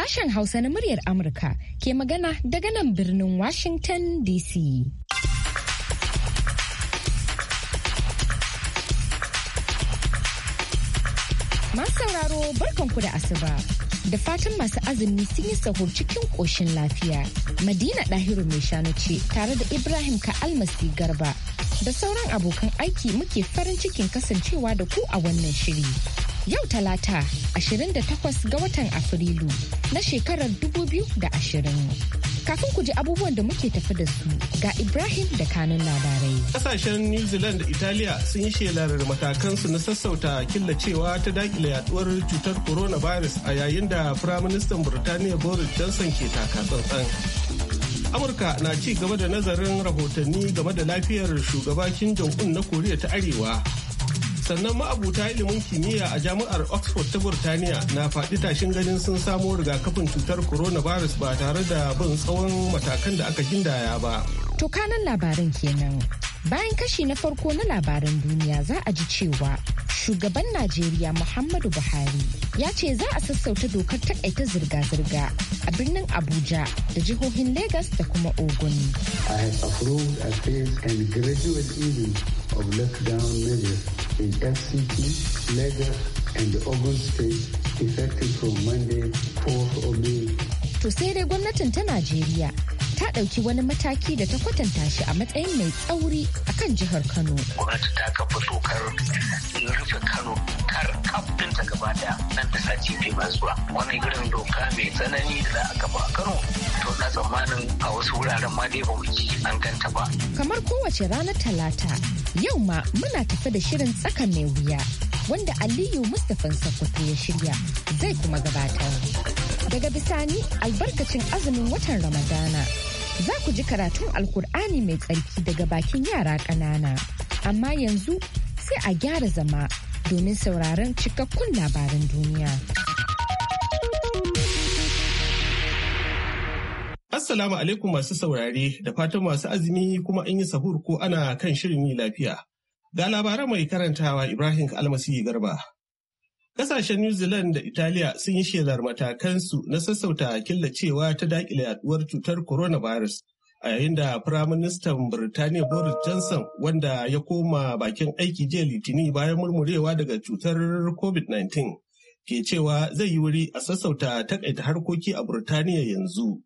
Sashen Hausa na muryar Amurka ke magana daga nan birnin Washington DC. Masu sauraro barkanku da asuba. Da fatan masu azumi sun yi sahu cikin ƙoshin lafiya. Madina ɗahiru mai shanu ce tare da Ibrahim Ka'almasi Garba da sauran abokan aiki muke farin cikin kasancewa da ku a wannan shiri. Yau Talata 28 ga watan Afrilu na shekarar 2020. Kafin ku ji abubuwan da muke tafi da su ga Ibrahim da kanun labarai. Kasashen New Zealand da Italiya sun yi shelar matakansu na sassauta killacewa ta dakile yaduwar cutar coronavirus a yayin da Firaministan Burtaniya Boris Johnson ke taka tsantsan. Amurka na ci gaba da nazarin rahotanni game da lafiyar shugaba Kim Jong-un na Koriya ta Arewa sannan ma'abuta ilimin kimiyya a jami'ar oxford ta burtaniya na faɗi tashin ganin sun samo rigakafin cutar coronavirus ba tare da bin tsawon matakan da aka gindaya ba to kanan labarin kenan Bayan kashi na farko na labaran duniya za a ji cewa shugaban Najeriya Muhammadu Buhari ya ce za a sassauta dokar takaita zirga-zirga a birnin Abuja da jihohin Legas da kuma Ogun. I have approved a phase and gradual easing of lockdown measures in FCT, Lagos and Ogun state effective from Monday 4th of May. To sai dai gwamnatin ta Najeriya ta ɗauki wani mataki da ta kwatanta shi a matsayin mai tsauri a kan jihar Kano. Gwamnati ta kafa dokar rufe Kano kar kafin ta gaba da nan da sati biyu ba zuwa. Wani irin doka mai tsanani da za a kafa a Kano to na tsammanin a wasu wuraren ma dai ba mu ji an ganta ba. Kamar kowace ranar Talata yau ma muna tafi da shirin tsaka mai wuya wanda Aliyu Mustapha Sokoto ya shirya zai kuma gabatar. daga bisani albarkacin azumin watan ramadana za ku ji karatun alkur'ani mai tsarki daga bakin yara ƙanana. Amma yanzu sai a gyara zama domin sauraron cikakkun labaran duniya. Assalamu alaikum masu saurare da fatan masu azumi kuma an yi sahur ko ana kan shirin yi lafiya. Ga labaran mai karantawa Ibrahim Almasi Garba. Kasashen New Zealand da Italiya sun yi shelar matakansu na sassauta killacewa ta dakile yaduwar cutar coronavirus a yayin da Firaministan Birtaniya Boris Johnson wanda ya koma bakin aiki jiya Litinin bayan murmurewa daga cutar COVID-19 ke cewa zai yi wuri a sassauta takaita harkoki a Birtaniya yanzu.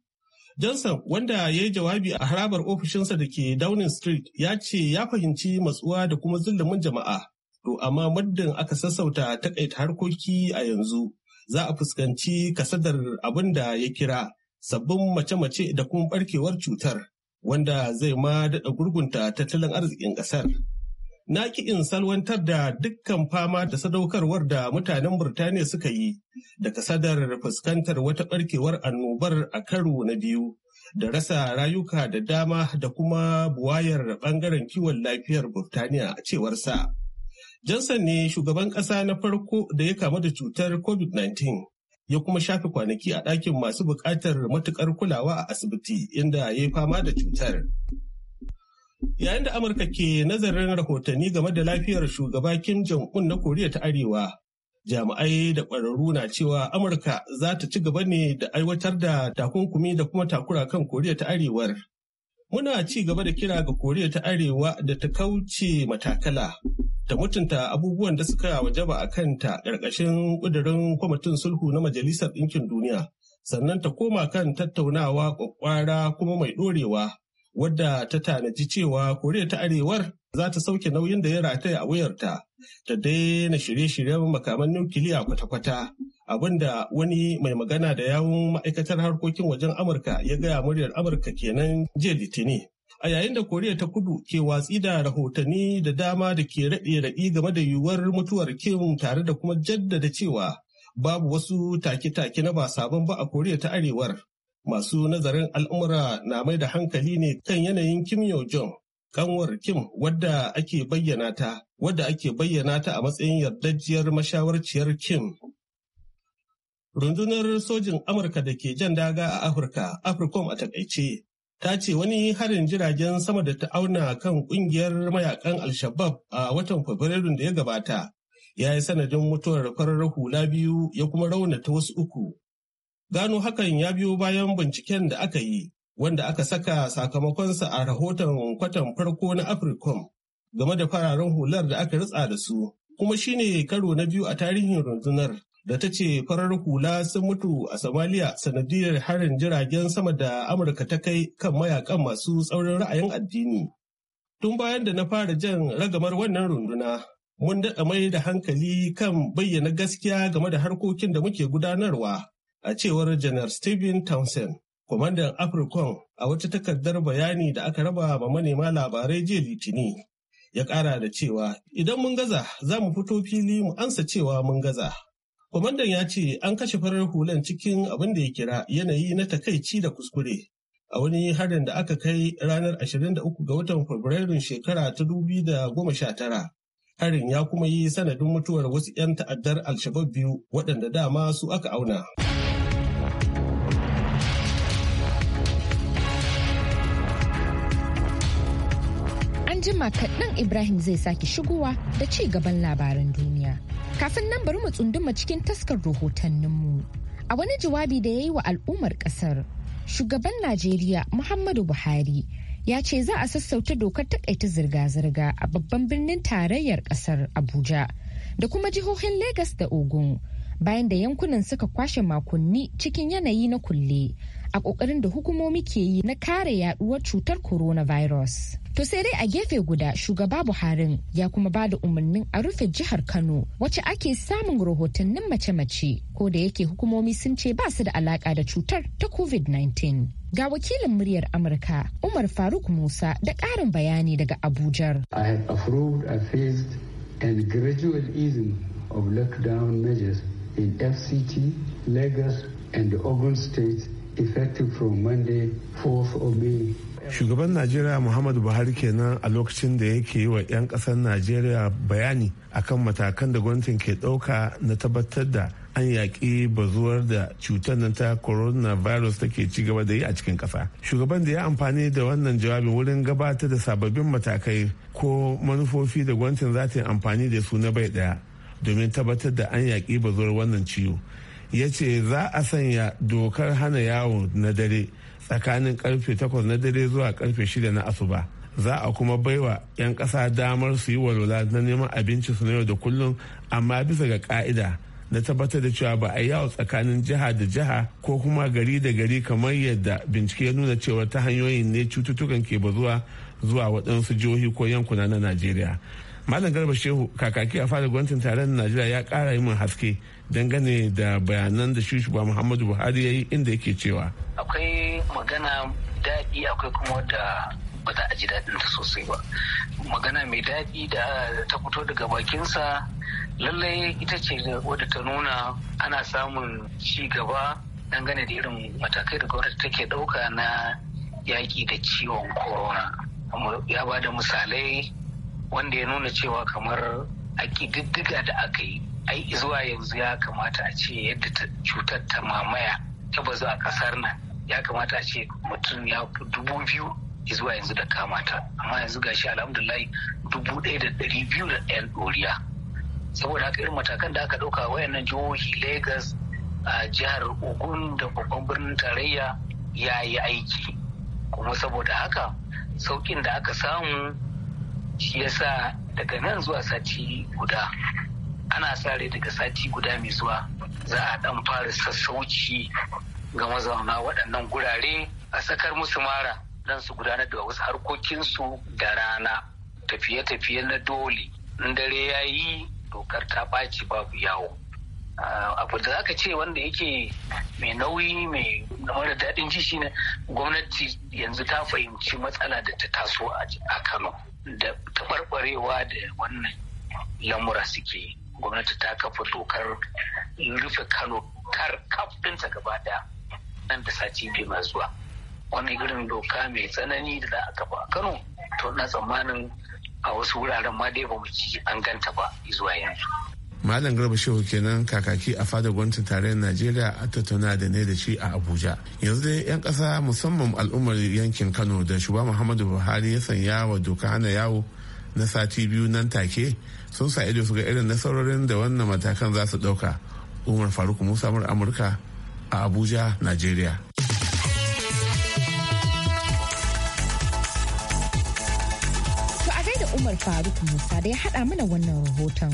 Johnson wanda ya yi jawabi a harabar ofishinsa da ke Downing Street ya ce ya fahimci matsuwa da kuma zulumin jama'a To amma muddin aka sassauta takaita harkoki a yanzu za a fuskanci kasadar abin da ya kira sabbin mace-mace da kuma barkewar cutar wanda zai ma daɗa gurgunta tattalin arzikin ƙasar. Na ki in salwantar da dukkan fama da sadaukarwar da mutanen Burtaniya suka yi da kasadar fuskantar wata ɓarkewar annobar a karo na biyu da rasa rayuka da dama da kuma buwayar ɓangaren kiwon lafiyar Burtaniya a cewar sa. Johnson ne shugaban ƙasa na farko da ya kamu da cutar COVID-19 ya kuma shafe kwanaki a ɗakin masu buƙatar matuƙar kulawa a asibiti inda ya yi fama da cutar. Yayin da Amurka ke nazarin rahotanni game da lafiyar shugaba Kim Jong-un na Koriya ta Arewa, jami'ai da ƙwararru na cewa Amurka za ta ci gaba ne da aiwatar da takunkumi da kuma takura kan Koriya ta Arewar Muna ci gaba da kira ga Koriya ta Arewa da ta kauce matakala ta mutunta abubuwan da suka wajaba a kanta ƙarƙashin ƙudurin kwamitin sulhu na Majalisar Ɗinkin Duniya, sannan ta koma kan tattaunawa ƙwaƙwara kuma mai ɗorewa, wadda ta tanaji cewa Koriya ta Arewar za ta sauke nauyin da ya rataya a wuyarta ta daina shirye-shiryen makaman nukiliya kwata-kwata abinda wani mai magana da yawun ma'aikatar harkokin wajen amurka ya gaya muryar amurka kenan jiya litini a yayin da koriya ta kudu ke watsi da rahotanni da dama da ke raɗe raɗi game da yiwuwar mutuwar kim tare da kuma jaddada cewa babu wasu take-take na ba sabon ba a koriya ta arewar masu nazarin al'umura na mai da hankali ne kan yanayin kim yo jong kanwar Kim wadda ake bayyana ta wadda ake bayyana ta a matsayin yardajiyar mashawarciyar Kim. Rundunar sojin Amurka da ke jan daga a Afirka, Africom a takaice, ta ce wani harin jiragen sama da ta auna kan kungiyar mayakan Al-Shabab a watan Fabrairun da ya gabata, ya yi sanadin mutuwar farar hula biyu ya kuma rauna ta wasu uku. Gano hakan ya biyo bayan binciken da aka yi wanda aka saka sakamakonsa a rahoton kwatan farko na Africom game da fararen hular da aka ritsa da su, kuma shi ne karo na biyu a tarihin rundunar da ta ce farar hula sun mutu a Somalia sanadiyar harin jiragen sama da Amurka ta kai kan mayakan masu tsaurin ra'ayin addini. Tun bayan da na fara jan ragamar wannan runduna, mun daɗa mai da hankali kan bayyana gaskiya game da harkokin da muke gudanarwa, a cewar Janar Stephen Townsend. kwamandan Afirkon a wata takardar bayani da aka raba ba manema labarai jiya litini ya ƙara da cewa idan mun gaza za mu fito fili mu ansa cewa mun gaza. Kwamandan ya ce an kashe farar hulan cikin abin da ya kira yanayi na takaici da kuskure a wani harin da aka kai ranar 23 ga watan Fabrairun shekara ta goma sha tara, Harin ya kuma yi sanadin mutuwar wasu 'yan ta'addar Alshabab biyu waɗanda dama su aka auna. jima kaɗan Ibrahim zai sake shigowa da ci gaban labaran duniya. Kafin nan bari mu tsunduma cikin taskar rahotanninmu. A wani jawabi da ya yi wa al'ummar ƙasar, shugaban Najeriya Muhammadu Buhari ya ce za a sassauta dokar takaita zirga-zirga a babban birnin tarayyar ƙasar Abuja da kuma jihohin Legas da Ogun. bayan da yankunan suka kwashe makonni cikin yanayi na kulle a ƙoƙarin da hukumomi ke yi na kare yaduwar cutar coronavirus. To sai dai a gefe guda shugaba Buharin ya kuma ba da umarnin a rufe jihar Kano wacce ake samun rahotannin mace-mace ko da yake hukumomi sun ce ba su da alaka da cutar ta COVID-19. Ga wakilin muryar Amurka Umar Faruk Musa da ƙarin bayani daga Abuja. I have approved a phased and gradual easing of lockdown measures in FCT, Lagos, and Ogun states effective from Monday, 4th of May. Shugaban Najeriya Muhammadu Buhari kenan a lokacin da yake yi wa 'yan ƙasar Najeriya bayani akan matakan da gwamnatin ke ɗauka na tabbatar da an yaƙi bazuwar da cutar nan ta coronavirus take ci gaba da yi a cikin ƙasa. Shugaban da ya amfani da wannan jawabin wurin gabatar da sababbin matakai ko manufofi da gwamnatin za ta yi amfani da su na bai ɗaya. domin tabbatar da an yaƙi bazuwar wannan ciwo ya ce za a sanya dokar hana yawo na dare tsakanin karfe 8 na dare zuwa karfe 6 na asuba za a kuma baiwa 'yan ƙasa damar su yi walwala na neman abinci su na yau da kullum amma bisa ga ka'ida na tabbatar da cewa ba a yawo tsakanin jiha da jiha ko kuma gari da gari kamar yadda bincike ya nuna cewa ta hanyoyin ne cututtukan ke bazuwa zuwa waɗansu jihohi ko yankuna na najeriya malam garba shehu kakaki a fadar gwamnatin taron najeriya ya kara yi mun haske dangane da bayanan da shugaba muhammadu buhari ya yi inda yake cewa akwai magana daɗi akwai kuma da ba za a ji daɗin ta sosai ba magana mai daɗi da ta fito daga bakinsa lallai ita ce wadda ta nuna ana samun ci gaba dangane da irin matakai da gwamnati take ɗauka na yaƙi da ciwon corona ya ba da misalai wanda ya nuna cewa kamar a diddiga da aka yi ai zuwa yanzu ya kamata a ce yadda cutar ta mamaya ta bazu a ƙasar nan ya kamata a ce mutum ya fi dubu biyu zuwa yanzu da kamata amma yanzu gashi alhamdulillah dubu ɗaya da ɗari biyu da ɗayan ɗoriya saboda haka irin matakan da aka ɗauka wayannan jihohi lagos a jihar ogun da babban birnin tarayya ya yi aiki kuma saboda haka sauƙin da aka samu shi ya sa daga nan zuwa sati guda ana sa rai daga sati guda mai zuwa za a dan fara sassauci ga mazauna waɗannan gurare a sakar musu mara don su gudanar da wasu harkokinsu da rana tafiye-tafiye na dole in dare ya yi dokar ta ɓaci babu yawo ah, abu da aka ce wanda yake mai nauyi mai mara daɗin ji shine gwamnati yanzu ta fahimci matsala da ta taso a kano da taɓarɓarewa da wannan lamura suke gwamnati ta kafa dokar rufe kano kar kafinta gaba da nan da sati biyu masu zuwa wani irin doka mai tsanani da za a kafa a kano to na tsammanin a wasu wuraren ma dai ba mu ci an ganta ba zuwa yanzu malam garba shehu kenan kakaki a fadar gwamnati tarayyar najeriya a tattauna da ne da shi a abuja yanzu dai yan kasa musamman al'ummar yankin kano da shugaba muhammadu buhari ya sanya wa doka hana yawo na sati biyu nan take sun sa ido su ga irin nasarorin da wannan matakan za su dauka umar faruk musa mur amurka a abuja Najeriya. to a gaida umar faruk musa da ya haɗa mana wannan rahoton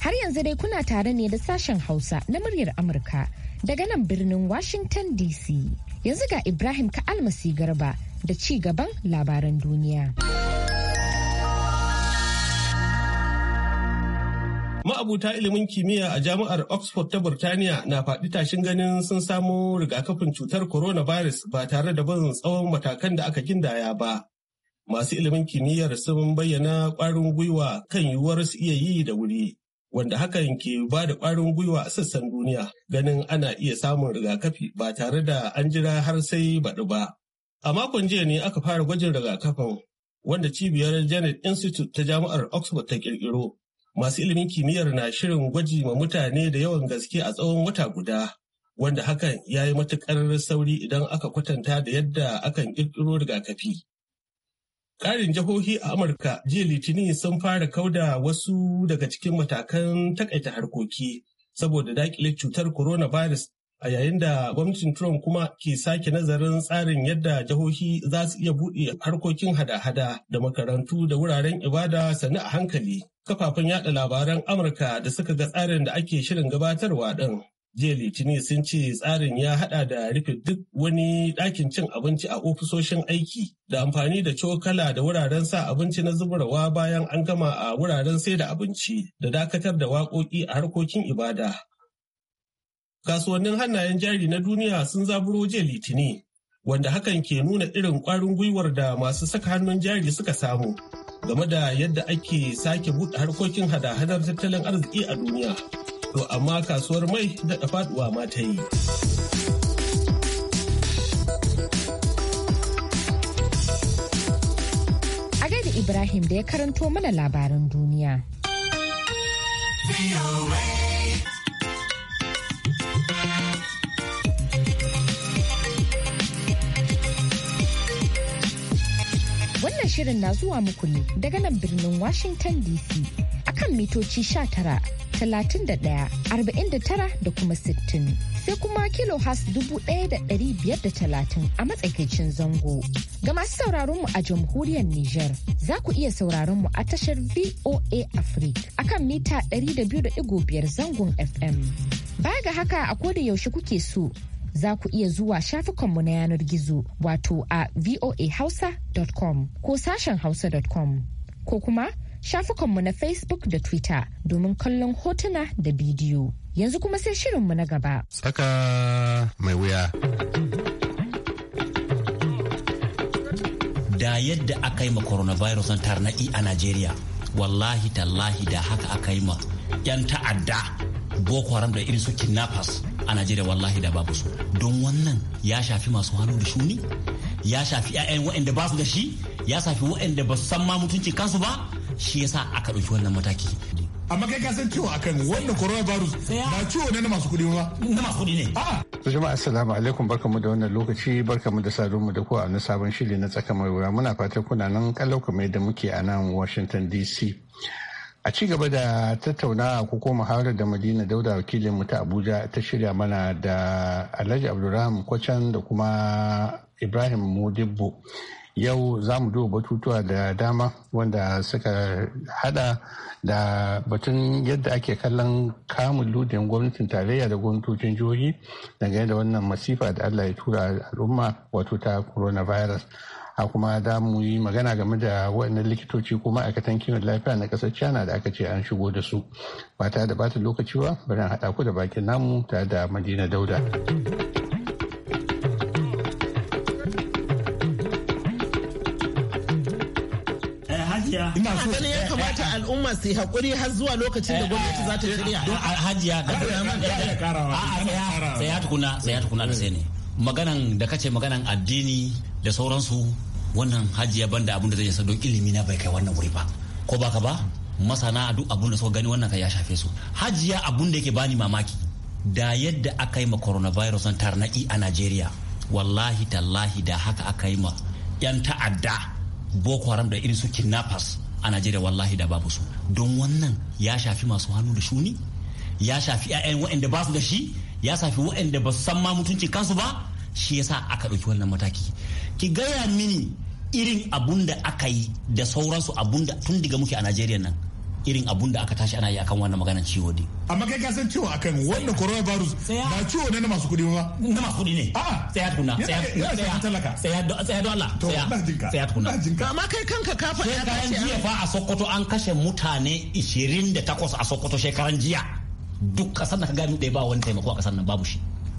Har yanzu dai kuna tare ne da sashen Hausa na muryar Amurka daga nan birnin Washington DC. Yanzu ga Ibrahim ka almasi garba da ci gaban labaran duniya. Ma'abuta ilimin kimiyya a jami'ar Oxford ta Burtaniya na faɗi tashin ganin sun samo rigakafin cutar coronavirus ba tare da ban tsawon matakan da aka gindaya ba. Masu ilimin kimiyyar sun bayyana ƙwarin gwiwa kan yiwuwar su iya yi da wuri. wanda hakan ke ba da ƙwarin gwiwa a sassan duniya ganin ana iya samun rigakafi ba tare da an jira har sai baɗi ba. A makon jiya ne aka fara gwajin rigakafin wanda cibiyar Janet Institute ta jami'ar Oxford ta ƙirƙiro. Masu ilimin kimiyyar na shirin gwaji ma mutane da yawan gaske a tsawon wata guda. wanda hakan ya yi matuƙar sauri idan aka kwatanta da yadda akan ƙirƙiro rigakafi. Ƙarin jihohi a Amurka jiya litini sun fara kauda wasu daga cikin matakan takaita harkoki saboda dakile cutar coronavirus a yayin da gwamnatin Trump kuma ke sake nazarin tsarin yadda jihohi za su iya buɗe harkokin hada-hada da makarantu da wuraren ibada sannu a hankali. Kafafen yaɗa labaran Amurka da suka ga tsarin da ake shirin gabatarwa ɗin jiya litini sun ce tsarin ya hada da rufe duk wani ɗakin cin abinci a ofisoshin aiki da amfani da cokala da wuraren sa abinci na zubarwa bayan an gama a wuraren sai da abinci da dakatar da waƙoƙi a harkokin ibada kasuwannin hannayen jari na duniya sun zaburo jiya litini, wanda hakan ke nuna irin ƙwarin gwiwar da masu saka hannun jari suka samu game da yadda ake sake buɗe harkokin hada-hadar tattalin arziki a duniya. To amma kasuwar mai da faduwa ma ta yi. Agadi Ibrahim da ya karanto mana labaran duniya. Wannan shirin na zuwa muku ne daga nan birnin Washington DC akan mitoci 19 31 49 da kuma 60 sai kuma kilohas 1530 a matsakaicin zango. Ga masu sauraron mu a jamhuriyar Nijar za ku iya sauraron mu a tashar VOA Africa akan mita 200.5 zangon FM. Baya ga haka a koda yaushe kuke so za ku iya zuwa shafukanmu na yanar gizo wato a voahausa.com ko sashen hausa.com ko kuma shafukanmu na Facebook da Twitter domin kallon hotuna da bidiyo. Yanzu kuma sai shirinmu na gaba. Saka mai wuya. Da yadda aka yi ma coronavirus tarnaƙi a Najeriya, wallahi tallahi da haka aka yi ma 'yan ta'adda Boko Haram da irin su kidnappers a Najeriya wallahi da babu su. Don wannan ya shafi masu hannu da shuni, ya shafi 'ya'yan wa'anda ba su da shi, ya shafi waɗanda ba su san ma mutunci kansu ba, shi yasa aka ɗauki wannan mataki amma kai ka san ciwo akan wanda coronavirus ba ciwo ne na masu kuɗi ba na masu kuɗi ne a'a ah. to jama'a assalamu alaikum barkamu da wannan lokaci barkamu da saduwa mu da ku a na sabon shiri na tsaka mai wura muna fatan kuna nan kallon da muke a nan Washington DC a ci gaba da tattaunawa ko kuma muhawarar da madina dauda wakilin mu ta abuja ta shirya mana da alhaji abdulrahman kwacan da kuma ibrahim modibbo yau za mu duba batutuwa da dama wanda suka hada da batun yadda ake kallon kamun ludin gwamnatin tarayya da gwamnatocin jihohi dangane da wannan masifa da allah ya tura al'umma wato ta coronavirus a kuma da mu yi magana game da waɗannan likitoci ko ma'aikatan kiwon lafiya na ƙasar china da aka ce an shigo da su ba tare da bata lokaci ba bari haɗa ku da bakin namu tare da madina dauda. ina so ya kamata al'umma su hakuri har zuwa lokacin da eh, gwamnati za ta eh, shirya ah, hajiya da ya tukuna tukuna da sai ne maganan da kace maganan addini da sauransu wannan hajiya banda abin da zai yasa don ilimi na bai kai wannan wuri ba ko baka ba masana duk abun suka gani wannan ka ya shafe su hajiya abun da yake bani mamaki da yadda aka yi ma coronavirus tarnaki a Najeriya wallahi tallahi da haka aka yi ma yan ta'adda boko haram da irin su kidnappers a najeriya wallahi da babu su don wannan ya shafi masu hannu da shuni ya shafi 'ya'yan waɗanda ba su da shi ya shafi waɗanda ba su san ma mutuncin kansu ba shi yasa aka ɗauki wannan mataki ki gaya mini irin abunda da aka yi da sauransu abun tun daga muke a najeriya nan irin abun da aka tashi ana yi akan wannan maganar ciwo din amma kai ka san ciwo akan wannan coronavirus ba ciwo ne na masu kuɗi ba na masu kuɗi ne a'a tsaya tukuna tsaya tsaya tsaya don Allah tsaya tsaya tukuna amma kai kanka ka faɗi ka ce jiya fa a Sokoto an kashe mutane 28 a Sokoto shekaran jiya duk kasar da ka gani ɗaya ba wani taimako a kasar nan babu shi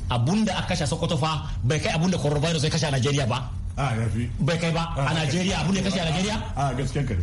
abun da aka kashe Sokoto fa bai kai abun da coronavirus ya kashe a Najeriya ba bai kai ba a Najeriya abun da ya kashe a Najeriya a gaskiyar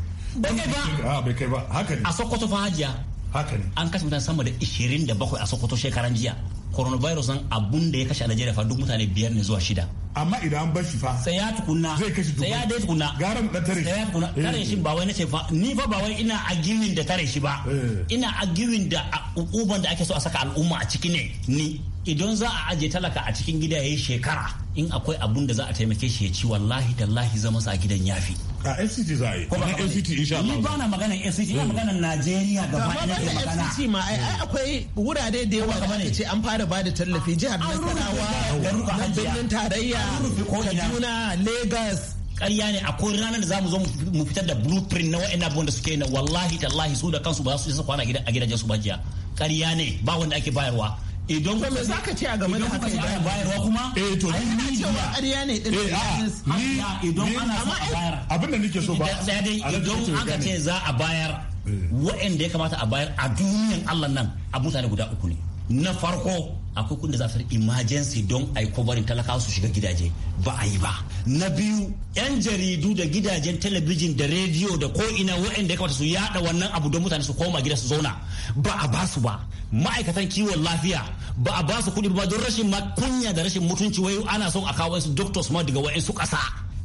Ah, bai kai ba haka ne a sokoto fa hajiya haka ne an kashe mutane sama da 27 a sokoto shekaran jiya coronavirus nan abun da ya kashe a Najeriya fa duk mutane biyar ne zuwa shida. Amma idan an bar shi fa. Sai ya tukunna. Zai kashe dubu. Sai ya dai tukunna. Gara mu dan tare shi. Sai ya tukunna. Tare shi ba wai nace fa ni fa ba wai ina agirin da tare shi ba. Eh. Ina agirin da ukuban da ake so a saka al'umma a ciki ne ni. Idan za a aje talaka a cikin gida yayi shekara in akwai abun da za a taimake shi ya ci wallahi tallahi zama sa gidan yafi. a fct za a yi kuma fct insha Allah ni ba na magana fct ina magana Najeriya gaba ɗaya ke magana fct ma ai akwai wurare da yawa da ce an fara bada tallafi jihar Nasarawa da birnin tarayya Kaduna Lagos ƙarya ne akwai ranar da za mu zo mu fitar da blueprint na wa'in abubuwan da suke na wallahi tallahi su da kansu ba su isa kwana a gidajen su ba jiya ƙarya ne ba wanda ake bayarwa idan kuma za ka ce a game da haka idan bayarwa kuma eh to ni ni cewa ƙarya ne din eh, ni idan ana so a bayar abin da nake so ba sai dai idan aka ce za a bayar eh. wa'anda ya kamata a bayar a duniyan Allah nan a mutane guda uku ne na farko akwai kunda za a fara emergency don a yi kwabarin talakawa su shiga gidaje ba a yi ba na biyu yan jaridu da gidajen talabijin da rediyo da ko ina waɗanda ya kamata su yada wannan abu don mutane su koma gida su zauna ba a ba su ba ma'aikatan kiwon lafiya ba a ba su kuɗi ba don rashin kunya da rashin mutunci wai ana son a kawo su doctors ma daga su ƙasa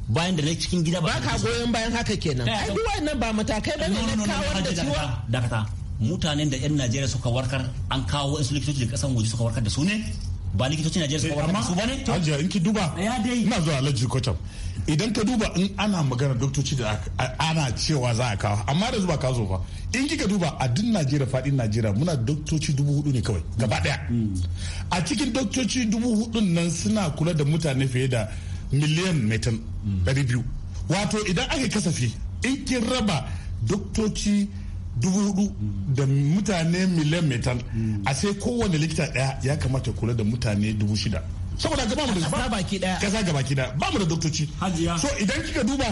bayan da na cikin gida ba ka goyon bayan haka kenan eh. ai duk nan ba matakai bane na kawar da ciwon mutanen da 'yan najeriya suka warkar an kawo wasu likitoci da kasan waje suka warkar da su ne ba likitocin najeriya suka warkar da su ba ne eh, hajiya in ki duba ina zuwa alhaji kotam idan ka duba in ana magana doktoci da ana cewa za a kawo amma da zuba ka zo ba in kika duba a duk najeriya fadin najeriya muna doktoci dubu hudu ne kawai gaba daya hmm. a cikin doktoci dubu hudun nan suna kula da mutane fiye da miliyan metan dari hmm. biyu wato idan aka kasafi in kin raba doktoci dubu hudu mm. da mutane miliyan metal mm. a sai kowane likita daya ya kamata kula da mutane dubu shida saboda ga bamu da kasa baki daya kasa ga baki daya bamu da doktoci so idan kika duba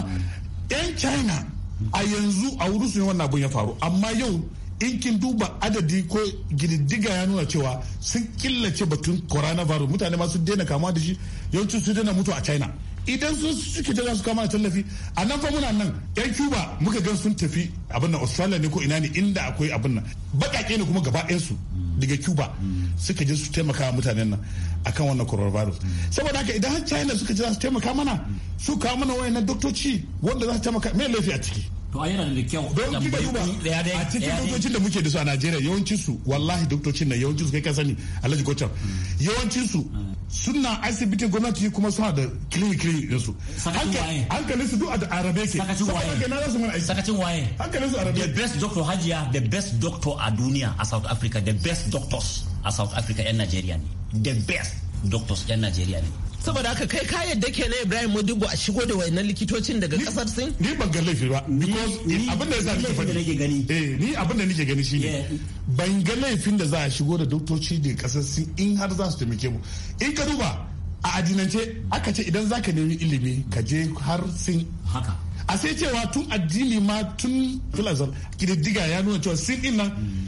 yan mm. china a yanzu a wuri su ne wannan abun ya faru amma yau in kin duba adadi ko gididdiga ya nuna cewa sun killace batun virus mutane ma sun daina kamuwa da shi yawancin su daina mutu a china idan sun suke jira su kama tallafi a nan fa muna nan yan cuba muka gan sun tafi abin nan australia ne ko ina ne inda akwai abin nan bakake ne kuma gaba su daga cuba suka je su taimaka mutanen nan akan wannan coronavirus saboda haka idan har china suka jira su taimaka mana su kawo mana wayannan doktoci wanda za su taimaka mai laifi a ciki to ai yana da kyau don kika duba a cikin dokokin da muke da su a Najeriya yawancin su wallahi doktocin nan yawancin su kai ka sani Alhaji Gocham hmm. yawancin su hmm. suna asibitin gwamnati kuma suna da clinic clinic din su hankalin su duk a arabe ke sakacin waye sakacin waye hankalin su arabe the best doctor hajiya the best doctor a duniya a South Africa the best doctors a South Africa yan Najeriya ne the best doctors yan Najeriya ne saboda haka kai ka yadda ke na ibrahim modibo a shigo da wayannan likitocin daga kasar sin ni ban ga laifi ba because abin da ya sa ni ne gani eh ni abin da nake gani shine ban ga laifin da za a shigo da doktoci da kasar sin in har za su taimake mu in ka duba a adinance aka ce idan zaka nemi ilimi ka je har sin haka a sai cewa tun addini ma tun filazar kididdiga ya nuna cewa sin ina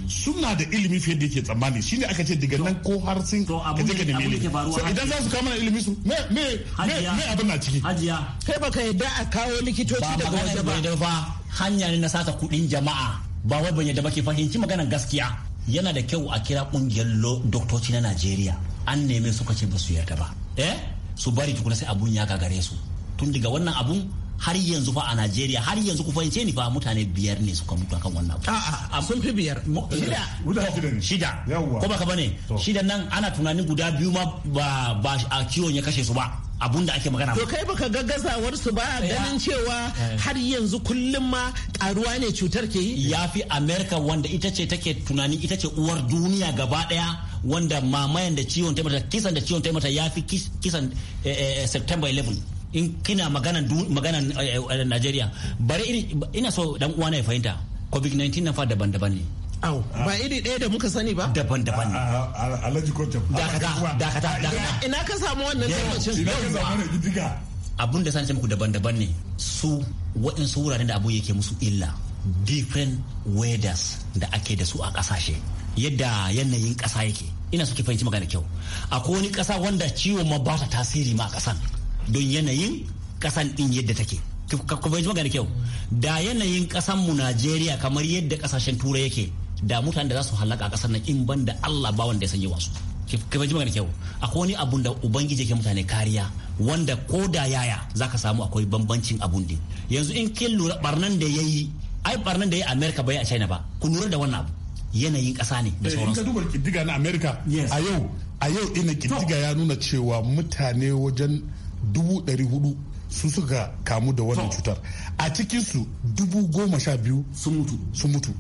suna da ilimi fiye da yake tsammani shine aka ce diga nan ko har sin ka je ka nemi ilimi idan za su kawo mana ilimi su me me me abin na ciki hajiya kai baka yadda a kawo likitoci daga waje ba hanya ne na sata kudin jama'a ba wai ban yadda ba ke fahimci maganar gaskiya yana da kyau a kira kungiyar doktoci na Najeriya an neme suka ce ba su yarda ba eh su bari tukuna sai abun ya gagare su tun daga wannan abun har yanzu fa a Najeriya har yanzu ku fahimce ni fa mutane biyar ne suka mutu akan wannan a'a sun fi biyar eh, shida shida ko baka bane shida nan ana tunanin guda biyu ma ba a ciwon ya kashe su ba abun da ake magana to kai baka ga gazawar su ba ganin cewa eh. har yanzu kullum ma karuwa ne cutar ke yi yafi america wanda ita ce take tunanin ita ce uwar duniya gaba daya wanda mamayan da ciwon taimata kisan da ciwon taimata ya fi kisan eh, september 11 in kina maganan maganan eh, eh, eh, Najeriya bari ina so dan uwa na ya fahimta covid-19 na fa daban-daban ne Au, ba iri ɗaya da muka sani ba? Daban-daban ne. Alhaji Kotem. Dakata, dakata, dakata. Ina ka samu wannan tabbacin? Ina ka samu wannan gidiga. Abun da sanin muku daban-daban ne. Su waɗansu wuraren da abu yake musu illa. Different weathers da ake da su a ƙasashe. Yadda yanayin ƙasa yake. Ina so ki fahimci magana kyau. Akwai wani ƙasa wanda ciwon ma ba ta tasiri ma a ƙasan. don yanayin kasan din yadda take ka bai magana kyau da yanayin kasan mu Najeriya kamar yadda kasashen turai yake da mutanen da za su halaka a kasar nan in ban da Allah ba wanda ya sanya wasu ka bai magana kyau akwai wani abun da ubangiji yake mutane kariya wanda ko da yaya zaka samu akwai bambancin abun din yanzu in kin lura barnan da yayi ai barnan da yayi America bai a China ba ku lura da wannan abu yanayin ƙasa ne da eh, sauransu. Ka duba kiddiga na America a yau a yau ina kiddiga ya nuna cewa mutane wajen dubu su suka kamu da wannan cutar a cikinsu dubu goma sha biyu sun mutu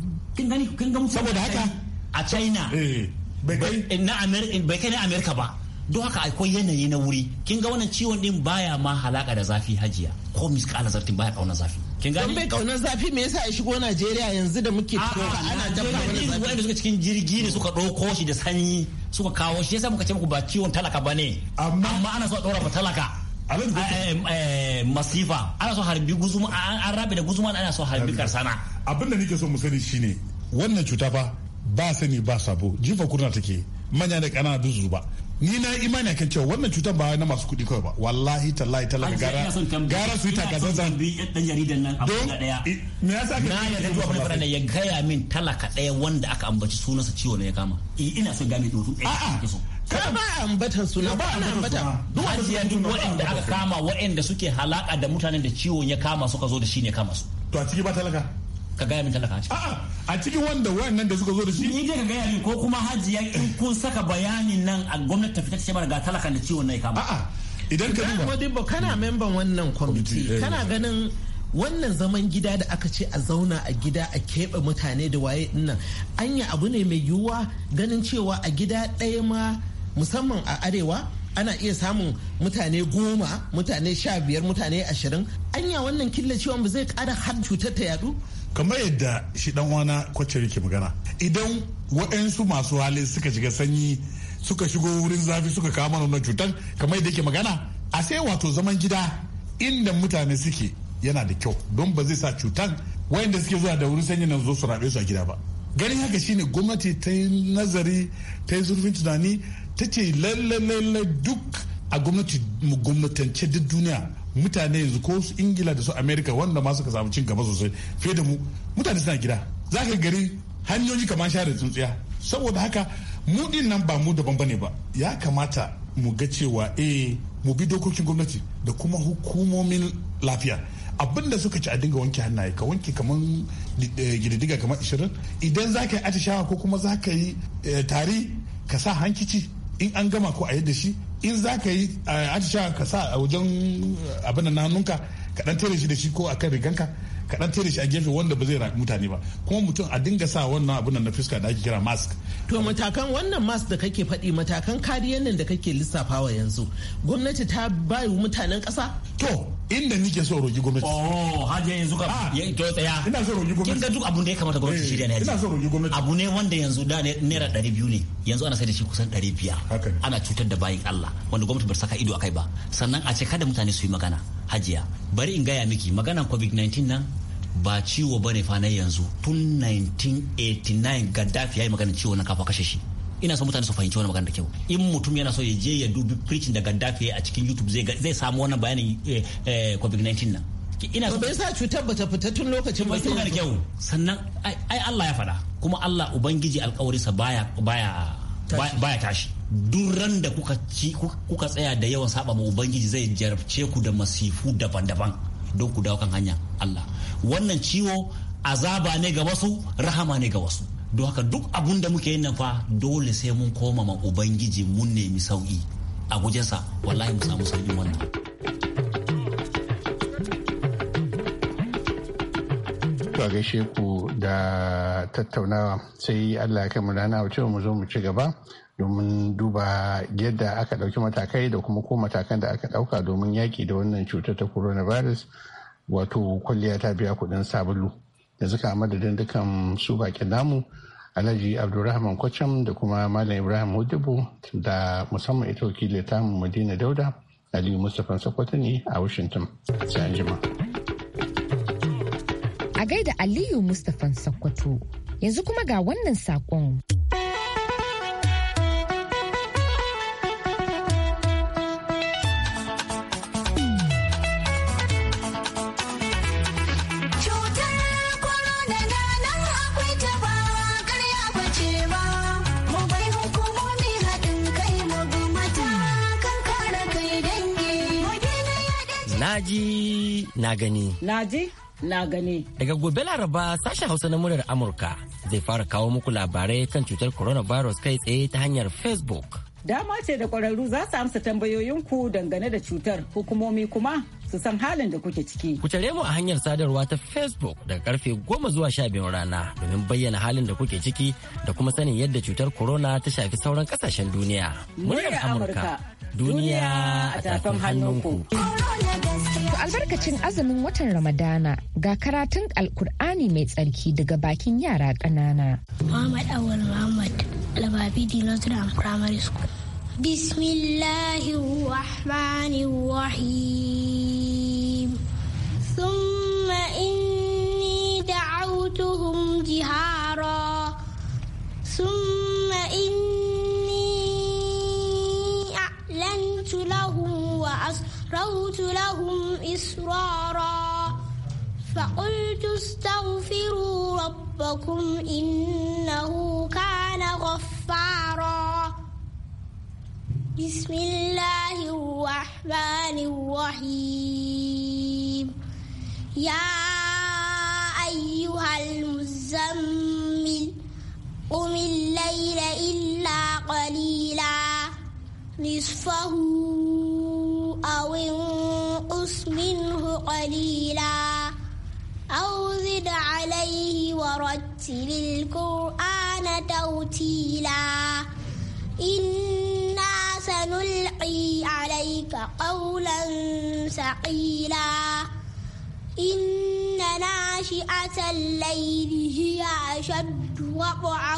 saboda haka a china eh, bai kai na amerika ba don haka akwai yanayi na wuri kin ga wannan ciwon din baya ma halaka da zafi hajiya ko ala zartin baya kauna zafi kin ga bai kauna zafi me yasa ya shigo Najeriya yanzu da muke fito ana dabba wani zafi wanda suka cikin jirgi ne suka dauko shi da sanyi suka kawo shi yasa muka ce muku ba ciwon talaka bane amma ana so a daura talaka Ah, eh, eh, masifa ana so harbi guzuma an rabe da guzuma ana so harbi karsana abin da nake so mu sani shine wannan cuta fa ba sani ba sabo jifa kurna take manya da kana duk zuba ni na imani kan cewa wannan cutar ba na masu kudi kawai ba wallahi tallahi tallahi gara gara su yi takazanzan dan jaridan nan abu da daya me yasa ka na da duk wani fara ya gaya min talaka daya wanda aka ambaci sunansa ciwo ne ya kama ina son gami mutum ɗaya kake so ka ba a ambata suna ba a ambata duk waɗanda aka kama waɗanda suke halaka da mutanen da ciwon ya kama suka zo da shi ne kama su to a ciki ba talaka ka gaya min talaka a ciki. a cikin wanda wayannan da suka zo da shi ni dai ka gaya min ko kuma ya in kun saka bayanin nan a gwamnati ta fita ta ce ga talakan da ciwon na ya kama a idan ka duba Modibo kana memban wannan kwamiti eh. kana ganin wannan zaman gida da aka ce a zauna a gida a keɓe mutane da waye dinnan anya abu ne mai yiwuwa ganin cewa a gida ɗaya ma musamman a arewa ana iya samun mutane goma mutane sha biyar mutane ashirin anya wannan killacewan ba zai kara har cutar ta yadu kamar yadda shi dan wana kwacce yake magana idan waɗansu masu hali suka shiga sanyi suka shigo wurin zafi suka kawo mana na cutar kamar yadda yake magana a sai wato zaman gida inda mutane suke yana da kyau don ba zai sa cutar wayanda suke zuwa da wurin sanyi nan zo su rabe su a gida ba ganin haka shine gwamnati ta yi nazari ta yi zurfin tunani ta ce lalle lalle duk a gwamnati gwamnatance duk duniya mutane yanzu ko su ingila da su america wanda ma suka samu cin gaba sosai fiye da mu mutane suna gida za ka gari hanyoyi kamar share tsuntsiya saboda haka mu din nan ba mu daban bane ba ya kamata mu ga cewa eh mu bi dokokin gwamnati da kuma hukumomin lafiya abin da suka ci a dinga wanke hannaye ka wanke kamar eh, gididdiga kamar 20 idan za ka yi atishawa ko kuma za ka yi eh, tari ka sa hankici in an gama ko a yadda shi in za ka yi atishawa ka sa a wajen eh, abin na hannunka ka dan tere shi da shi ko a kan riganka ka dan tere shi a gefe wanda ba zai mutane ba kuma mutum a dinga sa wannan abin na fuska da ake kira mask to matakan wannan mask da kake faɗi matakan kariyan nan da kake lissafawa yanzu gwamnati ta bayu mutanen ƙasa to inda nike so roki gwamnati oh haje yanzu ka ah, ya to tsaya ina so roki gwamnati kin ga duk abun da ya kamata gwamnati shirya ne eh, ina so roki gwamnati abu ne wanda yanzu da naira 200 ne yanzu ana sai da shi kusan 500 ana cutar da bayin Allah wanda gwamnati bar saka ido akai ba sannan a ce kada mutane su yi magana hajiya bari in gaya miki maganan covid-19 nan ba ciwo bane fa na yanzu tun 1989 gaddafi yayi magana maganin ciwo na kafa kashe shi ina son mutane su fahimci wani magana da kyau in mutum yana so ya je ya dubi preaching da gaddafi a cikin youtube zai zai samu wannan bayanin eh, eh, covid-19 nan ina so bai sa cutar bata fita tun lokacin ba tun da kyau sannan ai Allah ya faɗa kuma Allah ubangiji alƙawarinsa baya baya baya tashi duk ran da kuka ci kuka tsaya da yawan saba ma ubangiji zai jarabce ku da masifu daban-daban don ku dawo kan hanya Allah wannan ciwo azaba ne ga wasu rahama ne ga wasu don haka duk abun da muke yin nafa dole sai mun koma ma ubangiji mun nemi sauki a gujensa wallahi mu samu sauki wannan to gaishe ku da tattaunawa sai Allah ya kai mu rana wuce mu zo mu ci gaba domin duba yadda aka ɗauki matakai da kuma ko matakan da aka ɗauka domin yaki da wannan cutar ta coronavirus wato kwalliya ta biya kuɗin sabulu. yanzu suka madadin dukan su bakin namu alhaji abdulrahman kwacham da kuma malam ibrahim hudubu da musamman ita wakilin tamu madina dauda aliyu mustapha sokoto ne a washington sai an jima a gaida aliyu mustapha sokoto yanzu kuma ga wannan saƙon. ji na gani. Na ji na gani. Daga gobe Laraba sashen Hausa na muryar Amurka zai fara kawo muku labarai kan cutar coronavirus kai tsaye ta hanyar Facebook. Dama ce da kwararru za su amsa tambayoyinku dangane da cutar hukumomi kuma su san halin da kuke ciki. Ku tare mu a hanyar sadarwa ta Facebook daga karfe goma zuwa sha biyun rana domin bayyana halin da kuke ciki da kuma sanin yadda cutar corona ta shafi sauran kasashen duniya. Muryar Amurka duniya a tafin hannunku. albarkacin azumin watan ramadana ga karatun alkur'ani mai tsarki daga bakin yara ƙanana. Muhammad Awal Muhammad di Nottingham Primary School. Bismillahirrahmanirrahim. Summa inni da'autuhum jihara. Summa inni لهم وأسررت لهم إسرارا فقلت استغفروا ربكم إنه كان غفارا بسم الله الرحمن الرحيم يا أيها المزمل قم الليل إلا قليلا نصفه قليلا أو زد عليه ورتل القرآن توتيلا إنا سنلقي عليك قولا ثقيلا إن ناشئة الليل هي أشد وقعا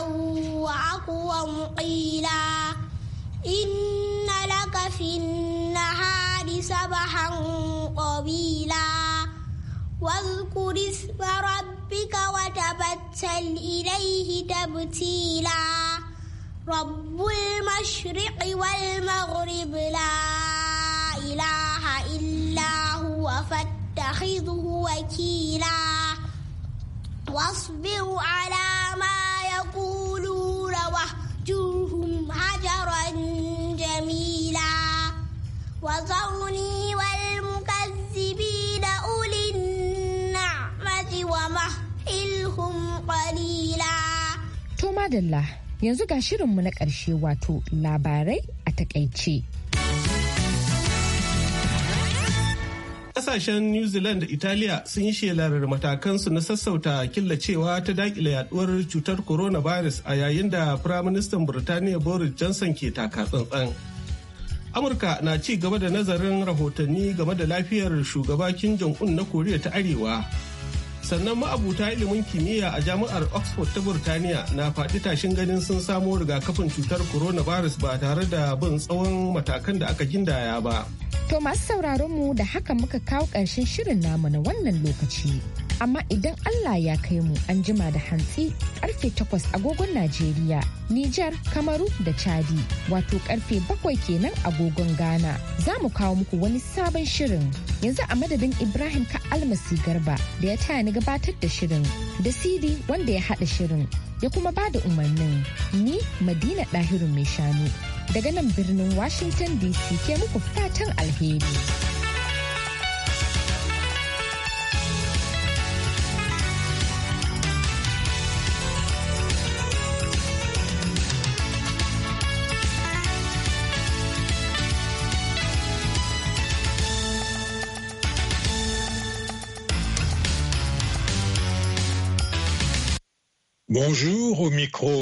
وأقوم قيلا إن لك في النهار سبحا قبيلا واذكر اسم ربك وتبتل إليه تبتيلا رب المشرق والمغرب لا إله إلا هو فاتخذه وكيلا واصبر على ما يقولون وهو وذرني والمكذبين أولي النعمة ومهلهم قليلا توما دلا yanzu ga shirinmu na ƙarshe wato labarai a takaice. Ƙasashen New Zealand da Italiya sun yi shelar matakansu na sassauta killacewa ta daƙile yaduwar cutar coronavirus a yayin da Firaministan Burtaniya Boris Johnson ke taka tsantsan. amurka na ci gaba da nazarin rahotanni game da lafiyar shugaba kim jong-un na koriya ta arewa sannan ma'abuta ilimin kimiyya a jami'ar oxford ta burtaniya na faɗi tashin ganin sun samo rigakafin cutar corona virus ba tare da bin tsawon matakan da aka gindaya ba to masu sauraron mu da haka muka kawo ƙarshen shirin namu na wannan lokaci amma idan Allah ya kai mu an jima da hantsi karfe takwas agogon Najeriya, Nijar, Kamaru da Chadi, wato karfe bakwai kenan agogon Ghana. Za mu kawo muku wani sabon shirin. Yanzu a madadin Ibrahim ka almasi garba da ya taya ni gabatar da shirin, da CD wanda ya haɗa shirin, ya kuma ba da umarnin ni Madina Ɗahiru mai shanu. Daga nan birnin Washington DC ke muku fatan alheri. Bonjour au micro